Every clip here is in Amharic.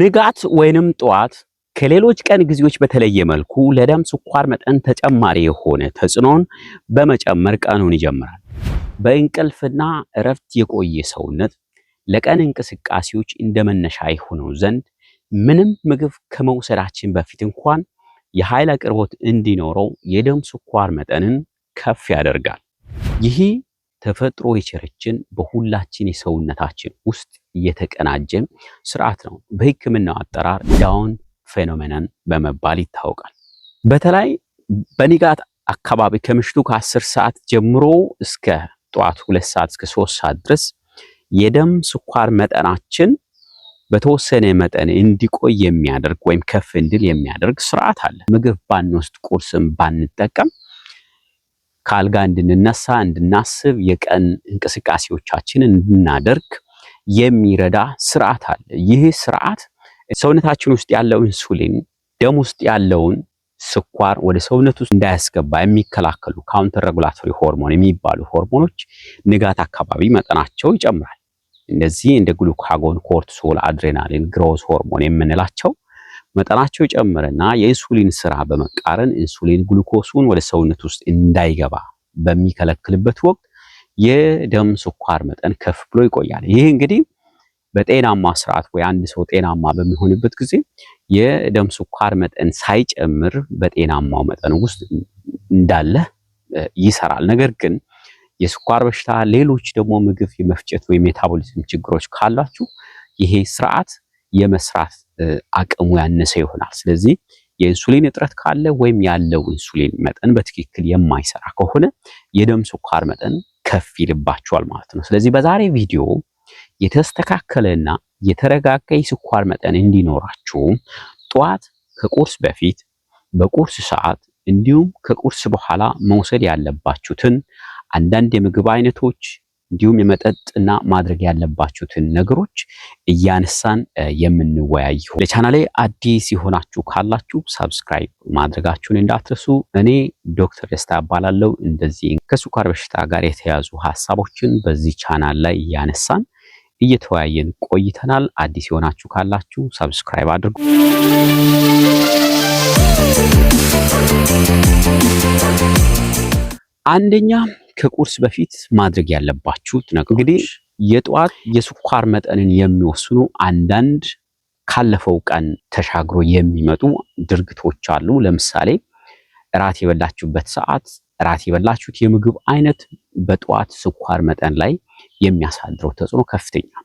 ንጋት ወይንም ጠዋት ከሌሎች ቀን ጊዜዎች በተለየ መልኩ ለደም ስኳር መጠን ተጨማሪ የሆነ ተጽዕኖን በመጨመር ቀኑን ይጀምራል። በእንቅልፍና እረፍት የቆየ ሰውነት ለቀን እንቅስቃሴዎች እንደ መነሻ ይሆነው ዘንድ ምንም ምግብ ከመውሰዳችን በፊት እንኳን የኃይል አቅርቦት እንዲኖረው የደም ስኳር መጠንን ከፍ ያደርጋል። ይህ ተፈጥሮ የቸረችን በሁላችን የሰውነታችን ውስጥ የተቀናጀ ስርዓት ነው። በሕክምናው አጠራር ዳውን ፌኖሜናን በመባል ይታወቃል። በተለይ በንጋት አካባቢ ከምሽቱ ከአስር ሰዓት ጀምሮ እስከ ጠዋት ሁለት ሰዓት እስከ ሶስት ሰዓት ድረስ የደም ስኳር መጠናችን በተወሰነ መጠን እንዲቆይ የሚያደርግ ወይም ከፍ እንድል የሚያደርግ ስርዓት አለ። ምግብ ባንወስድ፣ ቁርስም ባንጠቀም ከአልጋ እንድንነሳ እንድናስብ የቀን እንቅስቃሴዎቻችንን እንድናደርግ የሚረዳ ስርዓት አለ። ይህ ስርዓት ሰውነታችን ውስጥ ያለው ኢንሱሊን ደም ውስጥ ያለውን ስኳር ወደ ሰውነት ውስጥ እንዳያስገባ የሚከላከሉ ካውንተር ሬጉላቶሪ ሆርሞን የሚባሉ ሆርሞኖች ንጋት አካባቢ መጠናቸው ይጨምራል። እነዚህ እንደ ግሉካጎን፣ ኮርቲሶል፣ አድሬናሊን፣ ግሮዝ ሆርሞን የምንላቸው መጠናቸው ይጨምርና የኢንሱሊን ስራ በመቃረን ኢንሱሊን ግሉኮሱን ወደ ሰውነት ውስጥ እንዳይገባ በሚከለክልበት ወቅት የደም ስኳር መጠን ከፍ ብሎ ይቆያል። ይህ እንግዲህ በጤናማ ስርዓት ወይ አንድ ሰው ጤናማ በሚሆንበት ጊዜ የደም ስኳር መጠን ሳይጨምር በጤናማው መጠን ውስጥ እንዳለ ይሰራል። ነገር ግን የስኳር በሽታ፣ ሌሎች ደግሞ ምግብ የመፍጨት ወይ ሜታቦሊዝም ችግሮች ካላችሁ ይሄ ስርዓት የመስራት አቅሙ ያነሰ ይሆናል። ስለዚህ የኢንሱሊን እጥረት ካለ ወይም ያለው ኢንሱሊን መጠን በትክክል የማይሰራ ከሆነ የደም ስኳር መጠን ከፍ ይልባቸዋል ማለት ነው። ስለዚህ በዛሬ ቪዲዮ የተስተካከለና የተረጋጋ የስኳር መጠን እንዲኖራችሁ ጠዋት ከቁርስ በፊት፣ በቁርስ ሰዓት እንዲሁም ከቁርስ በኋላ መውሰድ ያለባችሁትን አንዳንድ የምግብ አይነቶች እንዲሁም የመጠጥና ማድረግ ያለባችሁትን ነገሮች እያነሳን የምንወያይ ለቻናሌ አዲስ የሆናችሁ ካላችሁ ሳብስክራይብ ማድረጋችሁን እንዳትረሱ። እኔ ዶክተር ደስታ እባላለሁ። እንደዚህ ከስኳር በሽታ ጋር የተያዙ ሀሳቦችን በዚህ ቻናል ላይ እያነሳን እየተወያየን ቆይተናል። አዲስ የሆናችሁ ካላችሁ ሰብስክራይብ አድርጉ። አንደኛ ከቁርስ በፊት ማድረግ ያለባችሁት ነገር እንግዲህ የጠዋት የስኳር መጠንን የሚወስኑ አንዳንድ ካለፈው ቀን ተሻግሮ የሚመጡ ድርግቶች አሉ። ለምሳሌ እራት የበላችሁበት ሰዓት፣ እራት የበላችሁት የምግብ አይነት በጠዋት ስኳር መጠን ላይ የሚያሳድረው ተጽዕኖ ከፍተኛ ነው።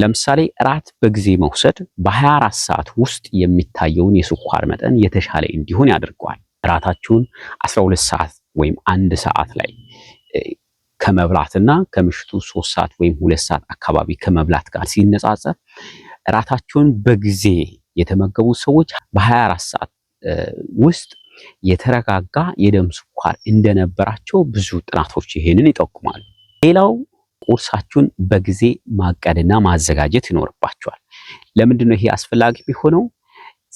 ለምሳሌ እራት በጊዜ መውሰድ በ24 ሰዓት ውስጥ የሚታየውን የስኳር መጠን የተሻለ እንዲሆን ያደርገዋል። እራታችሁን 12 ሰዓት ወይም አንድ ሰዓት ላይ ከመብላትና ከምሽቱ ሶስት ሰዓት ወይም ሁለት ሰዓት አካባቢ ከመብላት ጋር ሲነጻጸር እራታቸውን በጊዜ የተመገቡ ሰዎች በ24 ሰዓት ውስጥ የተረጋጋ የደም ስኳር እንደነበራቸው ብዙ ጥናቶች ይሄንን ይጠቁማሉ። ሌላው ቁርሳችሁን በጊዜ ማቀድና ማዘጋጀት ይኖርባቸዋል። ለምንድን ነው ይሄ አስፈላጊ የሚሆነው?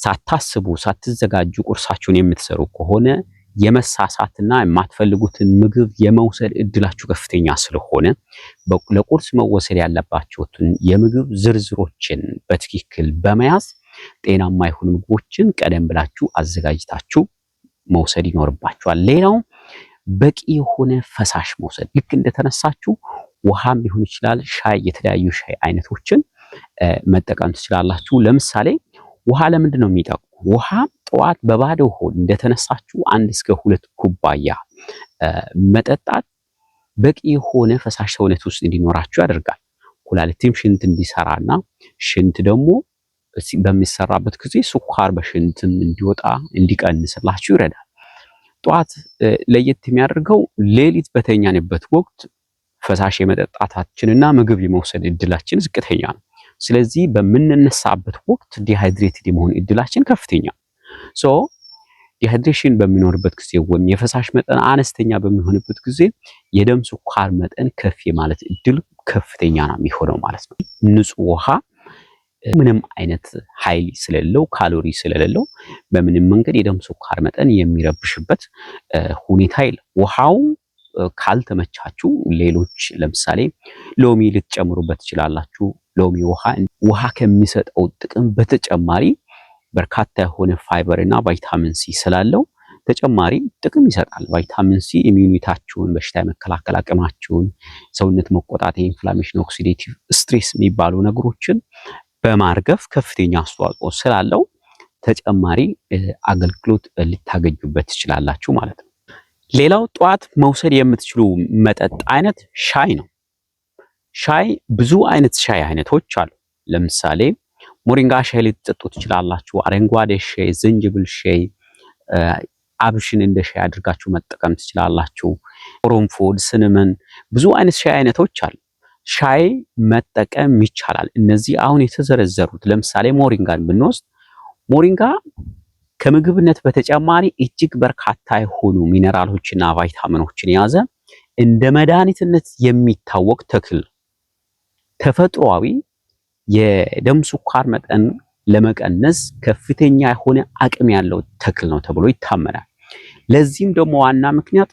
ሳታስቡ ሳትዘጋጁ ቁርሳችሁን የምትሰሩ ከሆነ የመሳሳትና የማትፈልጉትን ምግብ የመውሰድ እድላችሁ ከፍተኛ ስለሆነ ለቁርስ መወሰድ ያለባችሁትን የምግብ ዝርዝሮችን በትክክል በመያዝ ጤናማ የሆኑ ምግቦችን ቀደም ብላችሁ አዘጋጅታችሁ መውሰድ ይኖርባችኋል። ሌላው በቂ የሆነ ፈሳሽ መውሰድ ልክ እንደተነሳችሁ ውሃም ሊሆን ይችላል፣ ሻይ፣ የተለያዩ ሻይ አይነቶችን መጠቀም ትችላላችሁ። ለምሳሌ ውሃ ለምንድን ነው የሚጠቅሙ? ውሃ ጠዋት በባዶ ሆድ እንደተነሳችሁ አንድ እስከ ሁለት ኩባያ መጠጣት በቂ የሆነ ፈሳሽ ሰውነት ውስጥ እንዲኖራችሁ ያደርጋል። ኩላሊትም ሽንት እንዲሰራና ሽንት ደግሞ በሚሰራበት ጊዜ ስኳር በሽንትም እንዲወጣ እንዲቀንስላችሁ ይረዳል። ጠዋት ለየት የሚያደርገው ሌሊት በተኛንበት ወቅት ፈሳሽ የመጠጣታችንና ምግብ የመውሰድ እድላችን ዝቅተኛ ነው። ስለዚህ በምንነሳበት ወቅት ዲሃይድሬትድ የመሆን እድላችን ከፍተኛ ሶ ዲሃይድሬሽን በሚኖርበት ጊዜ ወይም የፈሳሽ መጠን አነስተኛ በሚሆንበት ጊዜ የደም ስኳር መጠን ከፍ የማለት እድል ከፍተኛ ነው የሚሆነው ማለት ነው። ንጹህ ውሃ ምንም አይነት ኃይል ስለሌለው ካሎሪ ስለሌለው በምንም መንገድ የደም ስኳር መጠን የሚረብሽበት ሁኔታ የለም። ውሃው ካልተመቻችሁ ሌሎች ለምሳሌ ሎሚ ልትጨምሩበት ትችላላችሁ። ሎሚ ውሃ ውሃ ከሚሰጠው ጥቅም በተጨማሪ በርካታ የሆነ ፋይበር እና ቫይታሚን ሲ ስላለው ተጨማሪ ጥቅም ይሰጣል። ቫይታሚን ሲ ኢሚዩኒታችሁን፣ በሽታ የመከላከል አቅማችሁን፣ ሰውነት መቆጣት፣ የኢንፍላሜሽን፣ ኦክሲዴቲቭ ስትሬስ የሚባሉ ነገሮችን በማርገፍ ከፍተኛ አስተዋጽኦ ስላለው ተጨማሪ አገልግሎት ልታገኙበት ትችላላችሁ ማለት ነው። ሌላው ጠዋት መውሰድ የምትችሉ መጠጥ አይነት ሻይ ነው። ሻይ ብዙ አይነት ሻይ አይነቶች አሉ። ለምሳሌ ሞሪንጋ ሻይ ልትጠጡ ትችላላችሁ። አረንጓዴ ሻይ፣ ዝንጅብል ሻይ፣ አብሽን እንደ ሻይ አድርጋችሁ መጠቀም ትችላላችሁ። ኦሮምፎድ ስንምን ብዙ አይነት ሻይ አይነቶች አሉ። ሻይ መጠቀም ይቻላል። እነዚህ አሁን የተዘረዘሩት ለምሳሌ ሞሪንጋን ብንወስድ ሞሪንጋ ከምግብነት በተጨማሪ እጅግ በርካታ የሆኑ ሚነራሎችና ቫይታሚኖችን የያዘ እንደ መድኃኒትነት የሚታወቅ ተክል ተፈጥሯዊ የደም ስኳር መጠን ለመቀነስ ከፍተኛ የሆነ አቅም ያለው ተክል ነው ተብሎ ይታመናል። ለዚህም ደግሞ ዋና ምክንያት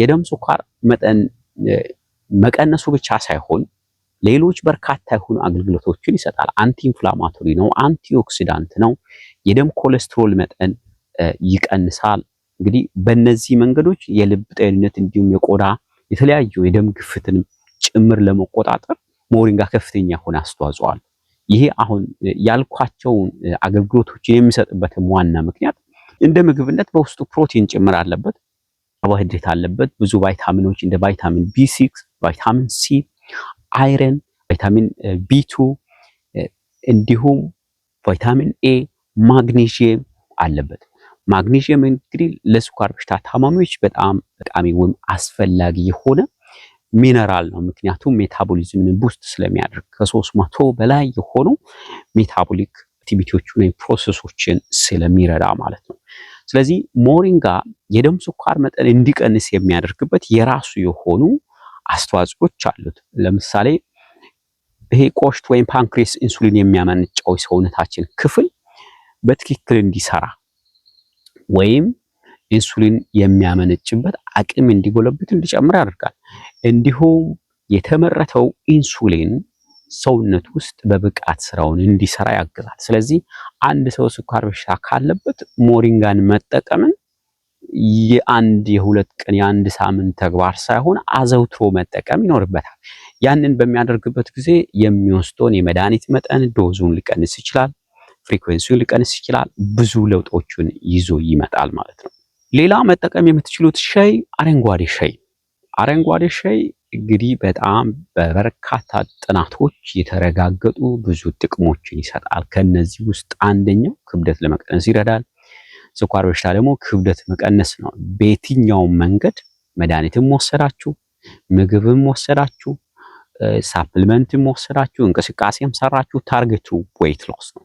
የደም ስኳር መጠን መቀነሱ ብቻ ሳይሆን ሌሎች በርካታ የሆኑ አገልግሎቶችን ይሰጣል። አንቲ ኢንፍላማቶሪ ነው፣ አንቲ ኦክሲዳንት ነው፣ የደም ኮሌስትሮል መጠን ይቀንሳል። እንግዲህ በእነዚህ መንገዶች የልብ ጤንነት እንዲሁም የቆዳ የተለያዩ የደም ግፍትን ጭምር ለመቆጣጠር ሞሪንጋ ከፍተኛ የሆነ አስተዋጽኦ አለው። ይሄ አሁን ያልኳቸውን አገልግሎቶችን የሚሰጥበትም ዋና ምክንያት እንደ ምግብነት በውስጡ ፕሮቲን ጭምር አለበት፣ ካርቦሃይድሬት አለበት፣ ብዙ ቫይታሚኖች እንደ ቫይታሚን ቢ6፣ ቫይታሚን ሲ፣ አይረን፣ ቫይታሚን ቢ2 እንዲሁም ቫይታሚን ኤ፣ ማግኔዥየም አለበት። ማግኔዥየም እንግዲህ ለስኳር በሽታ ታማሚዎች በጣም ጠቃሚ ወይም አስፈላጊ የሆነ ሚነራል ነው። ምክንያቱም ሜታቦሊዝምን ቡስት ስለሚያደርግ ከሶስት መቶ በላይ የሆኑ ሜታቦሊክ አክቲቪቲዎች ወይም ፕሮሰሶችን ስለሚረዳ ማለት ነው። ስለዚህ ሞሪንጋ የደም ስኳር መጠን እንዲቀንስ የሚያደርግበት የራሱ የሆኑ አስተዋጽኦች አሉት። ለምሳሌ ይሄ ቆሽት ወይም ፓንክሬስ ኢንሱሊን የሚያመነጫው የሰውነታችን ክፍል በትክክል እንዲሰራ ወይም ኢንሱሊን የሚያመነጭበት አቅም እንዲጎለብት እንዲጨምር ያደርጋል። እንዲሁም የተመረተው ኢንሱሊን ሰውነት ውስጥ በብቃት ስራውን እንዲሰራ ያግዛል። ስለዚህ አንድ ሰው ስኳር በሽታ ካለበት ሞሪንጋን መጠቀምን የአንድ የሁለት ቀን የአንድ ሳምንት ተግባር ሳይሆን አዘውትሮ መጠቀም ይኖርበታል። ያንን በሚያደርግበት ጊዜ የሚወስደውን የመድኃኒት መጠን ዶዙን ሊቀንስ ይችላል፣ ፍሪኩዌንሲውን ሊቀንስ ይችላል። ብዙ ለውጦችን ይዞ ይመጣል ማለት ነው። ሌላ መጠቀም የምትችሉት ሻይ፣ አረንጓዴ ሻይ አረንጓዴ ሻይ እንግዲህ በጣም በበርካታ ጥናቶች የተረጋገጡ ብዙ ጥቅሞችን ይሰጣል። ከነዚህ ውስጥ አንደኛው ክብደት ለመቀነስ ይረዳል። ስኳር በሽታ ደግሞ ክብደት መቀነስ ነው። በየትኛውም መንገድ መድኃኒትም ወሰዳችሁ፣ ምግብም ወሰዳችሁ፣ ሳፕልመንትም ወሰዳችሁ፣ እንቅስቃሴም ሰራችሁ፣ ታርጌቱ ዌይት ሎስ ነው።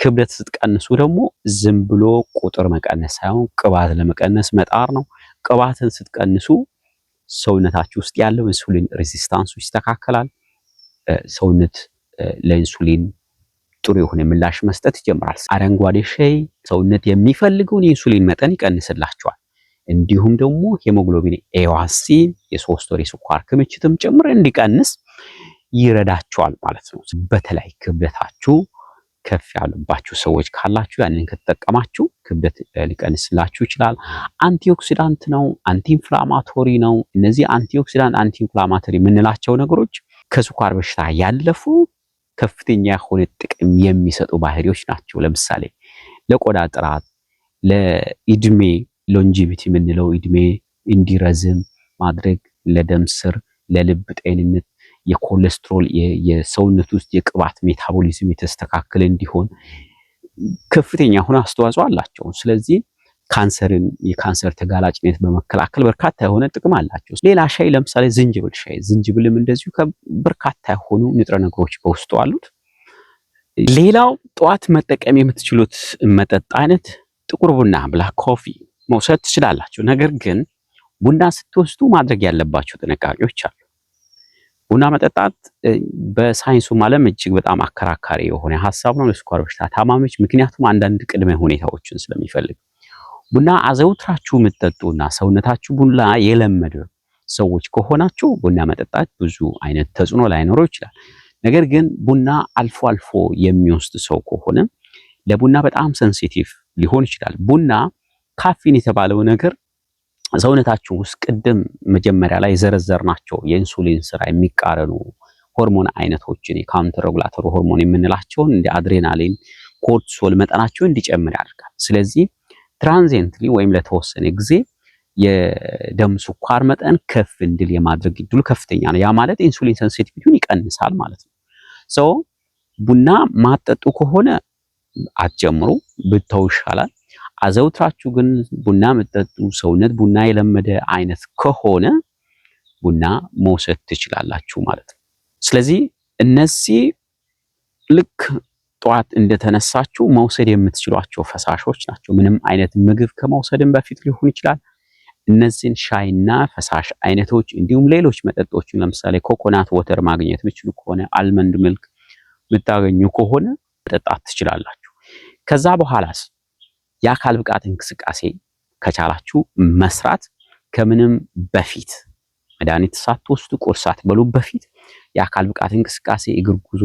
ክብደት ስትቀንሱ ደግሞ ዝም ብሎ ቁጥር መቀነስ ሳይሆን ቅባት ለመቀነስ መጣር ነው። ቅባትን ስትቀንሱ ሰውነታችሁ ውስጥ ያለው ኢንሱሊን ሬዚስታንሱ ይስተካከላል። ሰውነት ለኢንሱሊን ጥሩ የሆነ ምላሽ መስጠት ይጀምራል። አረንጓዴ ሻይ ሰውነት የሚፈልገውን የኢንሱሊን መጠን ይቀንስላቸዋል። እንዲሁም ደግሞ ሄሞግሎቢን ኤዋሲ የሶስት ወር የስኳር ክምችትም ጭምር እንዲቀንስ ይረዳቸዋል ማለት ነው። በተለይ ክብደታችሁ ከፍ ያሉባችሁ ሰዎች ካላችሁ ያንን ከተጠቀማችሁ ክብደት ሊቀንስላችሁ ይችላል። አንቲኦክሲዳንት ነው፣ አንቲኢንፍላማቶሪ ነው። እነዚህ አንቲኦክሲዳንት፣ አንቲኢንፍላማቶሪ የምንላቸው ነገሮች ከስኳር በሽታ ያለፉ ከፍተኛ የሆነ ጥቅም የሚሰጡ ባህሪዎች ናቸው። ለምሳሌ ለቆዳ ጥራት፣ ለእድሜ ሎንጂቪቲ የምንለው ኢድሜ እንዲረዝም ማድረግ፣ ለደም ስር፣ ለልብ ጤንነት የኮሌስትሮል የሰውነት ውስጥ የቅባት ሜታቦሊዝም የተስተካከለ እንዲሆን ከፍተኛ ሆነ አስተዋጽኦ አላቸው። ስለዚህ ካንሰርን የካንሰር ተጋላጭነት በመከላከል በርካታ የሆነ ጥቅም አላቸው። ሌላ ሻይ ለምሳሌ ዝንጅብል ሻይ፣ ዝንጅብልም እንደዚሁ በርካታ የሆኑ ንጥረ ነገሮች በውስጡ አሉት። ሌላው ጠዋት መጠቀም የምትችሉት መጠጥ አይነት ጥቁር ቡና ብላክ ኮፊ መውሰድ ትችላላችሁ። ነገር ግን ቡና ስትወስዱ ማድረግ ያለባቸው ጥንቃቄዎች አሉ። ቡና መጠጣት በሳይንሱ ዓለም እጅግ በጣም አከራካሪ የሆነ ሀሳብ ነው ለስኳር በሽታ ታማሚዎች፣ ምክንያቱም አንዳንድ ቅድመ ሁኔታዎችን ስለሚፈልግ። ቡና አዘውትራችሁ የምትጠጡና ሰውነታችሁ ቡና የለመደ ሰዎች ከሆናችሁ ቡና መጠጣት ብዙ አይነት ተጽዕኖ ላይኖረው ይችላል። ነገር ግን ቡና አልፎ አልፎ የሚወስድ ሰው ከሆነ ለቡና በጣም ሰንሲቲቭ ሊሆን ይችላል። ቡና ካፊን የተባለው ነገር ሰውነታችሁ ውስጥ ቅድም መጀመሪያ ላይ ዘረዘር ናቸው የኢንሱሊን ስራ የሚቃረኑ ሆርሞን አይነቶችን የካውንተር ሬጉላተር ሆርሞን የምንላቸውን እንደ አድሬናሊን፣ ኮርቲሶል መጠናቸው እንዲጨምር ያደርጋል። ስለዚህ ትራንዚየንትሊ ወይም ለተወሰነ ጊዜ የደም ስኳር መጠን ከፍ እንድል የማድረግ እድሉ ከፍተኛ ነው። ያ ማለት ኢንሱሊን ሴንሲቲቪቲውን ይቀንሳል ማለት ነው። ሰው ቡና ማጠጡ ከሆነ አትጀምሩ፣ ብተው ይሻላል። አዘውትራችሁ ግን ቡና የምትጠጡ ሰውነት ቡና የለመደ አይነት ከሆነ ቡና መውሰድ ትችላላችሁ ማለት ነው። ስለዚህ እነዚህ ልክ ጠዋት እንደተነሳችሁ መውሰድ የምትችሏቸው ፈሳሾች ናቸው። ምንም አይነት ምግብ ከመውሰድም በፊት ሊሆን ይችላል። እነዚህን ሻይና ፈሳሽ አይነቶች እንዲሁም ሌሎች መጠጦችን ለምሳሌ ኮኮናት ወተር ማግኘት ምችሉ ከሆነ አልመንድ ምልክ የምታገኙ ከሆነ መጠጣት ትችላላችሁ። ከዛ በኋላስ የአካል ብቃት እንቅስቃሴ ከቻላችሁ መስራት ከምንም በፊት መድኃኒት ሳትወስዱ ቁርስ ሳትበሉ በፊት የአካል ብቃት እንቅስቃሴ እግር ጉዞ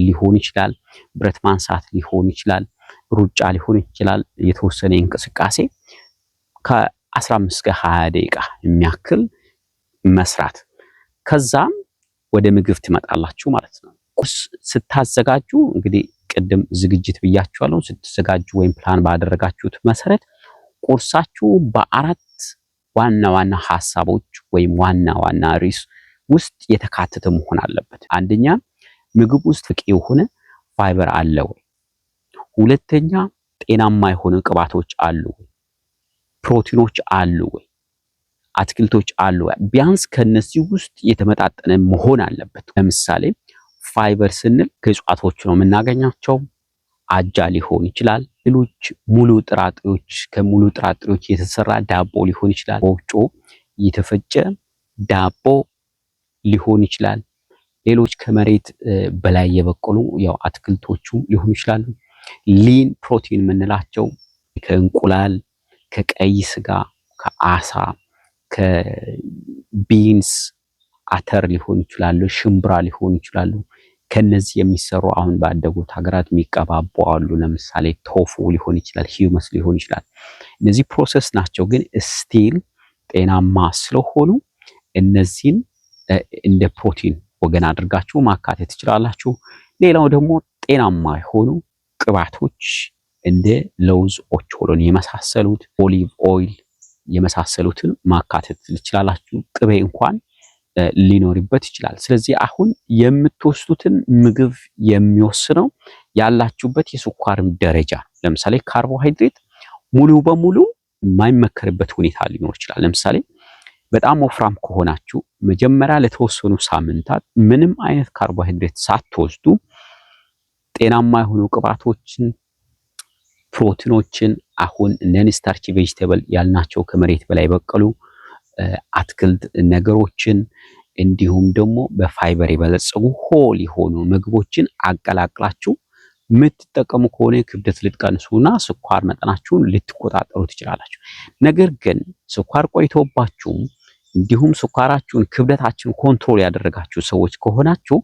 ሊሆን ይችላል፣ ብረት ማንሳት ሊሆን ይችላል፣ ሩጫ ሊሆን ይችላል። የተወሰነ እንቅስቃሴ ከ15 እስከ 20 ደቂቃ የሚያክል መስራት። ከዛም ወደ ምግብ ትመጣላችሁ ማለት ነው። ቁርስ ስታዘጋጁ እንግዲህ ቅድም ዝግጅት ብያችኋለሁ። ስትዘጋጁ ወይም ፕላን ባደረጋችሁት መሰረት ቁርሳችሁ በአራት ዋና ዋና ሀሳቦች ወይም ዋና ዋና ርዕስ ውስጥ የተካተተ መሆን አለበት። አንደኛ ምግብ ውስጥ በቂ የሆነ ፋይበር አለ ወይ? ሁለተኛ ጤናማ የሆኑ ቅባቶች አሉ ወይ? ፕሮቲኖች አሉ ወይ? አትክልቶች አሉ ወይ? ቢያንስ ከነዚህ ውስጥ የተመጣጠነ መሆን አለበት። ለምሳሌ ፋይበር ስንል ከእጽዋቶች ነው የምናገኛቸው። አጃ ሊሆን ይችላል። ሌሎች ሙሉ ጥራጥሬዎች፣ ከሙሉ ጥራጥሬዎች የተሰራ ዳቦ ሊሆን ይችላል። ወፍጮ የተፈጨ ዳቦ ሊሆን ይችላል። ሌሎች ከመሬት በላይ የበቀሉ ያው አትክልቶቹ ሊሆኑ ይችላሉ። ሊን ፕሮቲን የምንላቸው ከእንቁላል፣ ከቀይ ስጋ፣ ከአሳ፣ ከቢንስ አተር ሊሆን ይችላሉ። ሽምብራ ሊሆኑ ይችላሉ። ከነዚህ የሚሰሩ አሁን ባደጉት ሀገራት የሚቀባቡ አሉ። ለምሳሌ ቶፉ ሊሆን ይችላል፣ ሂዩመስ ሊሆን ይችላል። እነዚህ ፕሮሰስ ናቸው፣ ግን ስቲል ጤናማ ስለሆኑ እነዚህን እንደ ፕሮቲን ወገን አድርጋችሁ ማካተት ትችላላችሁ። ሌላው ደግሞ ጤናማ የሆኑ ቅባቶች እንደ ለውዝ፣ ኦቾሎን የመሳሰሉት ኦሊቭ ኦይል የመሳሰሉትን ማካተት ትችላላችሁ። ቅቤ እንኳን ሊኖርበት ይችላል። ስለዚህ አሁን የምትወስዱትን ምግብ የሚወስነው ያላችሁበት የስኳር ደረጃ ነው። ለምሳሌ ካርቦሃይድሬት ሙሉ በሙሉ የማይመከርበት ሁኔታ ሊኖር ይችላል። ለምሳሌ በጣም ወፍራም ከሆናችሁ መጀመሪያ ለተወሰኑ ሳምንታት ምንም አይነት ካርቦሃይድሬት ሳትወስዱ ጤናማ የሆኑ ቅባቶችን፣ ፕሮቲኖችን አሁን ነን ስታርች ቬጅቴብል ያልናቸው ከመሬት በላይ በቀሉ አትክልት ነገሮችን እንዲሁም ደግሞ በፋይበር የበለጸጉ ሆል የሆኑ ምግቦችን አቀላቅላችሁ የምትጠቀሙ ከሆነ ክብደት ልትቀንሱና ስኳር መጠናችሁን ልትቆጣጠሩ ትችላላችሁ። ነገር ግን ስኳር ቆይቶባችሁም እንዲሁም ስኳራችሁን ክብደታችሁን ኮንትሮል ያደረጋችሁ ሰዎች ከሆናችሁ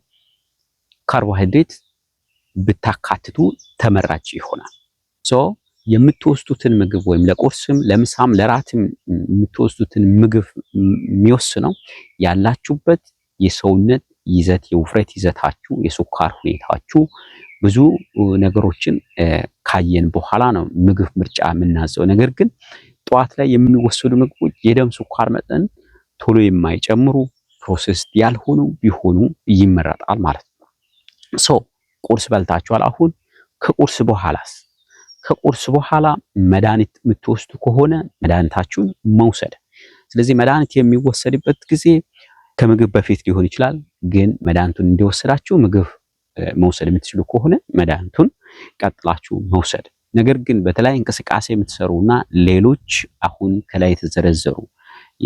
ካርቦሃይድሬት ብታካትቱ ተመራጭ ይሆናል። የምትወስዱትን ምግብ ወይም ለቁርስም ለምሳም ለራትም የምትወስዱትን ምግብ የሚወስነው ያላችሁበት የሰውነት ይዘት የውፍረት ይዘታችሁ፣ የስኳር ሁኔታችሁ ብዙ ነገሮችን ካየን በኋላ ነው ምግብ ምርጫ የምናዘው። ነገር ግን ጠዋት ላይ የሚወሰዱ ምግቦች የደም ስኳር መጠን ቶሎ የማይጨምሩ ፕሮሰስድ ያልሆኑ ቢሆኑ ይመረጣል ማለት ነው። ሶ ቁርስ በልታችኋል። አሁን ከቁርስ በኋላስ ከቁርስ በኋላ መድኃኒት የምትወስዱ ከሆነ መድኃኒታችሁን መውሰድ። ስለዚህ መድኃኒት የሚወሰድበት ጊዜ ከምግብ በፊት ሊሆን ይችላል። ግን መድኃኒቱን እንዲወሰዳችሁ ምግብ መውሰድ የምትችሉ ከሆነ መድኃኒቱን ቀጥላችሁ መውሰድ። ነገር ግን በተለይ እንቅስቃሴ የምትሰሩ እና ሌሎች አሁን ከላይ የተዘረዘሩ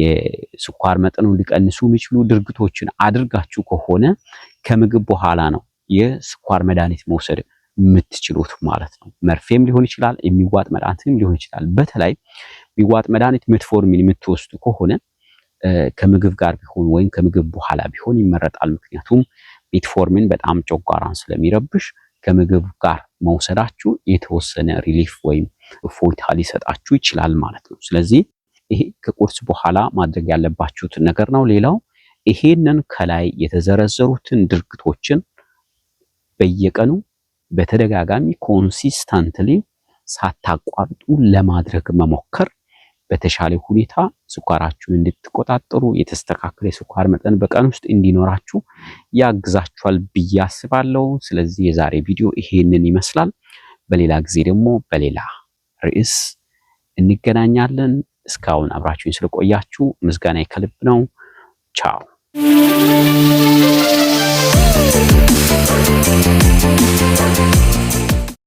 የስኳር መጠኑን ሊቀንሱ የሚችሉ ድርጊቶችን አድርጋችሁ ከሆነ ከምግብ በኋላ ነው የስኳር መድኃኒት መውሰድ የምትችሉት ማለት ነው። መርፌም ሊሆን ይችላል፣ የሚዋጥ መድኃኒትም ሊሆን ይችላል። በተለይ የሚዋጥ መድኃኒት ሜትፎርሚን የምትወስዱ ከሆነ ከምግብ ጋር ቢሆን ወይም ከምግብ በኋላ ቢሆን ይመረጣል። ምክንያቱም ሜትፎርሚን በጣም ጨጓራን ስለሚረብሽ ከምግብ ጋር መውሰዳችሁ የተወሰነ ሪሊፍ ወይም እፎይታ ሊሰጣችሁ ይችላል ማለት ነው። ስለዚህ ይሄ ከቁርስ በኋላ ማድረግ ያለባችሁት ነገር ነው። ሌላው ይሄንን ከላይ የተዘረዘሩትን ድርግቶችን በየቀኑ በተደጋጋሚ ኮንሲስታንትሊ ሳታቋርጡ ለማድረግ መሞከር በተሻለ ሁኔታ ስኳራችሁን እንድትቆጣጠሩ የተስተካከለ የስኳር መጠን በቀን ውስጥ እንዲኖራችሁ ያግዛችኋል ብዬ አስባለሁ። ስለዚህ የዛሬ ቪዲዮ ይሄንን ይመስላል። በሌላ ጊዜ ደግሞ በሌላ ርዕስ እንገናኛለን። እስካሁን አብራችሁን ስለቆያችሁ ምስጋና ከልብ ነው። ቻው